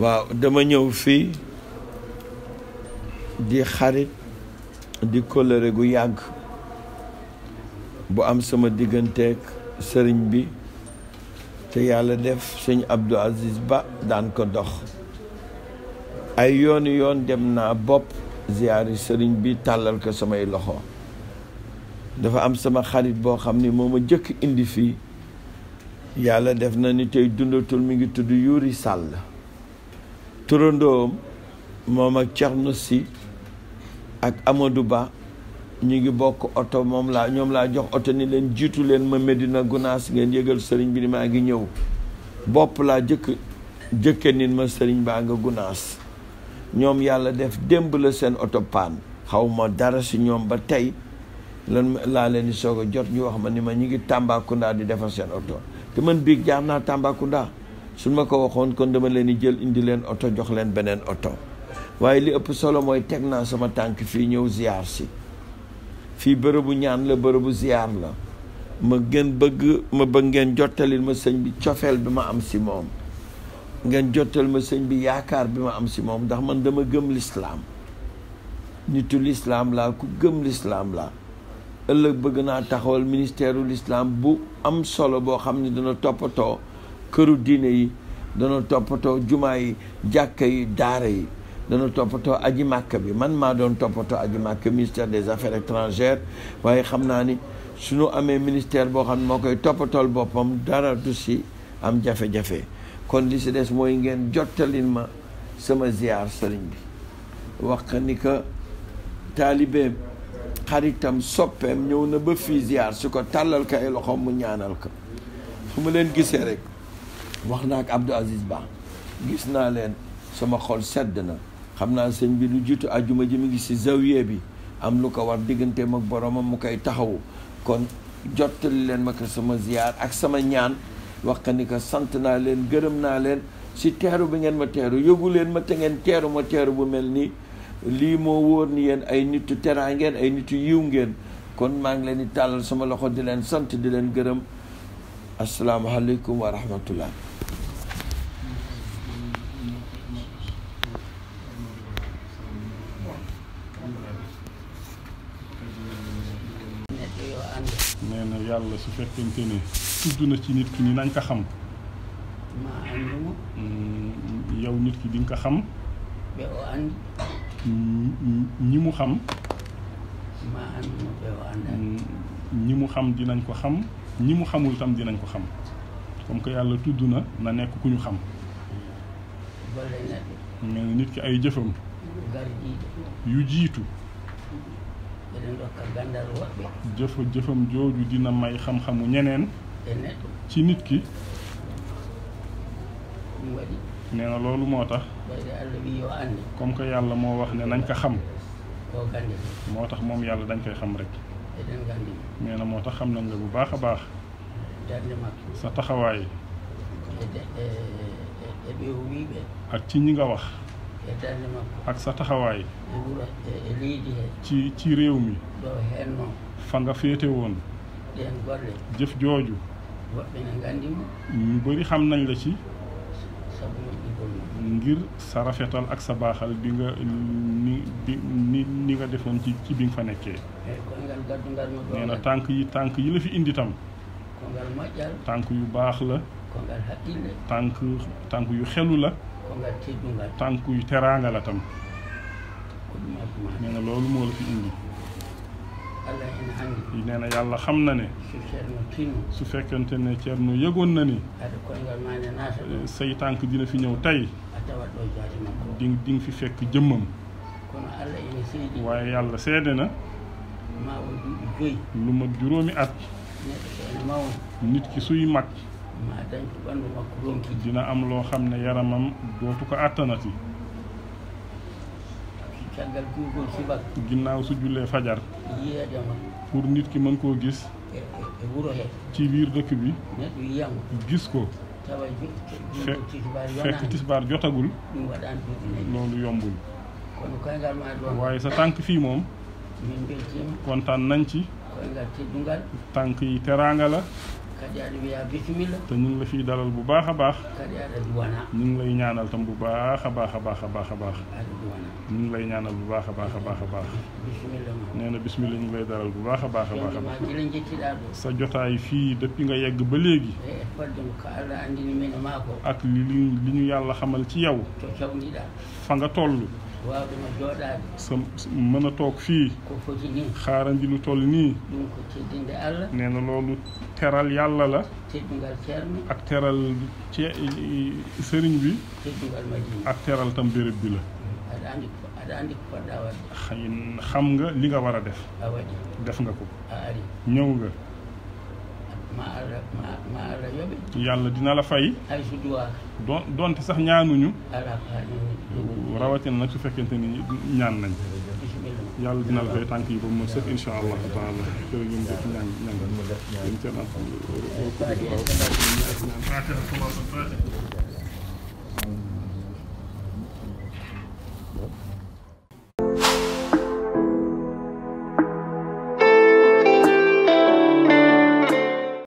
waaw dama ñëw fii di xarit di kóllëre gu yàgg bu am sama digganteek sëriñ bi te yàlla def sëñ abdu Aziz Ba daan ko dox ay yooni yoon dem naa bopp ziyaari sëriñ bi tàllal ko samay loxo dafa am sama xarit boo xam ni moo ma jëkk indi fii yàlla def na ni tey dundatul mi ngi tudd Yuri Sàll turandoom moom ak Thierno si ak amadu Ba ñu ngi bokk oto moom laa ñoom laa jox oto ni leen jiitu leen ma Medina Gunaas ngeen yëgal sëriñ bi ni maa ngi ñëw bopp laa jëkk jëkke nit ma sëriñ baa nga Gunaas ñoom yàlla def démb la seen oto paan xaw ma dara si ñoom ba tey lan laa leen di soog a jot ñu wax ma ni ma ñu ngi Tambacounda di defa seen oto te man biig jaar naa Tambacounda suñ ma ko waxoon kon dama leen di jël indi leen oto jox leen beneen oto waaye li ëpp solo mooy teg naa sama tànk fii ñëw ziar si fii bërëbu ñaan la bërëbu ziar la ma gën bëgg ma bëgg ngeen jottalil ma sëñ bi cofeel bi ma am si moom ngeen jottal ma sëñ bi yaakaar bi ma am si moom ndax man dama gëm lislaam nitu lislaam laa ku gëm lislaam laa ëllëg bëgg naa taxawal ministère u lislaam bu am solo boo xam ne dina toppatoo këru diine yi dana toppatoo jumaa yi jàkka yi daara yi dana toppatoo aji màkk bi man maa doon toppatoo aji màkk ministère des affaires étrangères waaye xam naa ni su suñu amee ministère boo xam ne moo koy toppatool boppam dara du si am jafe-jafe kon li si des mooy ngeen jottalin ma sama ziar sëriñ bi wax ni que taalibeem xaritam soppeem ñëw na ba fii ziar su ko tàllal ko ay loxoom mu ñaanal ko su ma leen gisee rek wax naa ak Abdou Aziz Ba gis naa leen sama xol sedd na xam naa sëñ bi lu jiitu àjjuma ji mu ngi ci zawiye bi am lu ko war digganteem ak am mu koy taxawu kon jottali leen ma ko sama ziyaar ak sama ñaan wax ka ni ko sant naa leen gërëm naa leen si teeru bi ngeen ma teeru yógu leen ma te ngeen teeru ma teeru bu mel nii lii moo wóor ni yéen ay nitu teraa ngeen ay nitu yiw ngeen kon maa ngi leen di tàllal sama loxo di leen sant di leen gërëm asalaamaaleykum wa rahmatullah yàlla su fekkente ne tudd na ci nit ki ni nañ ko xam. Mm, yow nit ki di ko xam. Mm, ñi mu xam. Mm, ñi mu xam dinañ ko xam ñi mu xamul tam dinañ ko xam comme que yàlla tudd na na nekk ku ñu xam. mais nit ki ay jëfam. yu jiitu. jëfa jëfam jooju dina may xam-xamu ñeneen ci nit ki nee na loolu moo tax comme que yàlla moo wax ne nañ ko xam moo tax moom yàlla dañ koy xam rek nee na moo tax xam nañ la bu baax a baax sa taxawaay ak ci ñi nga wax ak sa taxawaay ci ci réew mi fa nga féete woon jëf jooju ñu bëri xam nañ la ci ngir sa rafetal ak sa baaxal bi nga ni ni nga defoon ci ci bi nga fa nekkee nee tànk yi tànk yi la fi indi tam tànk yu baax la tànk tànk yu xelu la tànku yu teraanga nee na loolu moo la fi indi nee na yàlla xam na ne su fekkente ne Ceerno yëgoon na ni eh, say tànk dina fi ñëw tey di di fi fekk jëmmam waaye yàlla seede na lu ma juróomi at nit ki suy mag dina am loo xam ne yaramam dootu ko àttanati ginnaaw su jullee fajar pour nit ki mën koo gis e, e, e, ci biir dëkk bi gis ko fekk tisbaar jotagul loolu yombul waaye sa tànk fii moom kontaan nañ ci tànk yi teraanga la te ñu la fiy daral bu baax a baax ñu ngi lay ñaanal tam bu baax a baax a baax a baax a baax ñu ngi lay ñaanal bu baax a baax a baax a baax nee na bismillah ñu ngi lay dalal bu baax a baax a baax sa jotaay fii depuis nga yegg ba léegi ak li li ñu yàlla xamal ci yow fa nga toll waaw sa mën a toog fii ko foti nii xaarandi lu toll nii ɗum ko loolu teral yàlla la teddungal ceerno ak teral cee sëriñ bi teddungal madina ak teral tam béréb bi la xam nga li nga war a def def nga ko ñëw nga yàlla dina la fay ay donte sax ñaanuñu rawatina nag su fekkente ni ñaan nañ yàlla dina la koy tànk yi ba mu sëkk incha allah taala kër ñoom def ñaan ñaan dañ ca naan